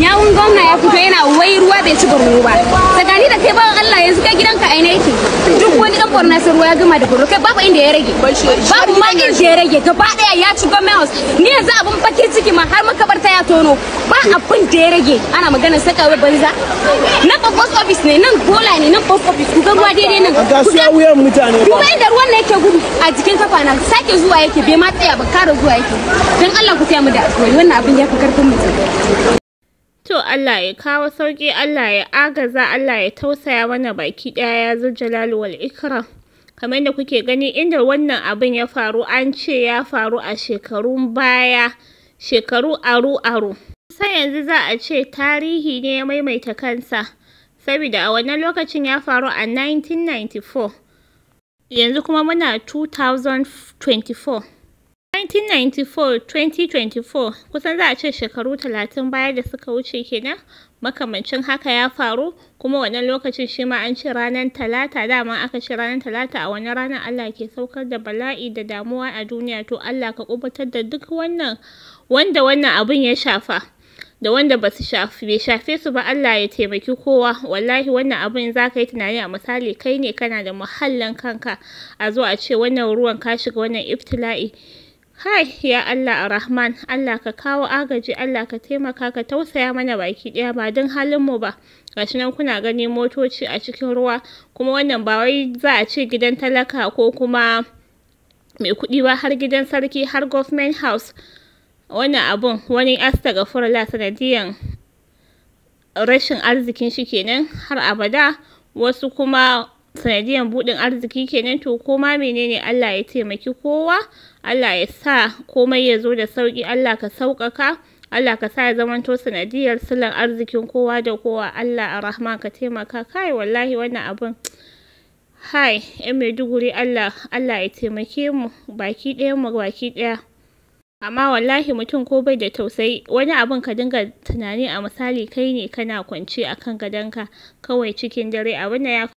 yawun gwamna ya fito yana wai ruwa bai ci borno ba tsakani da kai ba Allah yanzu kai gidanka aina yake duk wani dan borno sai ruwa ya gama da borno kai babu inda ya rage babu ma inda ya rage gaba daya ya ci gwamna house ni yanzu abun bakin ciki ma har makabarta ya tono ba abun da ya rage ana magana saka wai banza nan ba post office ne nan bola ne nan post office ku ga ruwa daidai nan ga su ya wuyan mutane ba kuma inda ruwan ne yake gudu a jikin kafa na sake zuwa yake bai ma tsaya ba kara zuwa yake dan Allah ku taya mu da wannan abun ya fi karfin mutum To Allah ya kawo sauƙi, Allah ya agaza, Allah ya tausaya mana baki ɗaya ya zo jalalu wal ikram. Kamar da kuke gani inda wannan abin ya faru an ce ya faru a shekarun baya, shekaru aru-aru. Sai yanzu za a ce tarihi ne ya maimaita kansa, saboda a wannan lokacin ya faru a 1994. Yanzu kuma muna 2024. 1994 2024 kusan za a ce shekaru talatin baya da suka wuce kenan makamancin haka ya faru kuma wannan lokacin shi ma an ce ranar talata dama aka ce ranar talata a wani ranar Allah ke saukar da bala'i da damuwa a duniya to Allah ka kubutar da duk wannan wanda wannan abun ya shafa da wanda ba su shafe su ba Allah ya taimaki kowa wallahi wannan abin za ka yi tunani a misali kai ne kana da muhallin kanka a zo a ce wannan ruwan ka shiga wannan iftila'i Hai, ya Allah a rahman Allah ka kawo agaji, Allah ka taimaka ka tausaya mana baki ɗaya ba don halinmu ba. Gashi nan kuna gani motoci a cikin ruwa, kuma wannan ba wai za a ce gidan talaka ko kuma mai kuɗi ba har gidan sarki har government house. Wannan abun wani asta ga furla sanadiyan rashin arzikin shi kenan har abada wasu kuma sanadiyar buɗin arziki kenan to koma menene Allah ya taimaki kowa Allah ya sa komai ya zo da sauki. Allah ka sauƙaƙa Allah ka sa ya zamanto sanadiyar sulan arzikin kowa da kowa Allah a rahama ka taimaka kai wallahi wannan abun hai yan maiduguri Allah Allah ya taimake mu baki ɗaya mu baki ɗaya amma wallahi mutum ko bai da tausayi wani abin ka dinga tunani a misali kai ne kana kwance akan gadonka kawai cikin dare abin da ya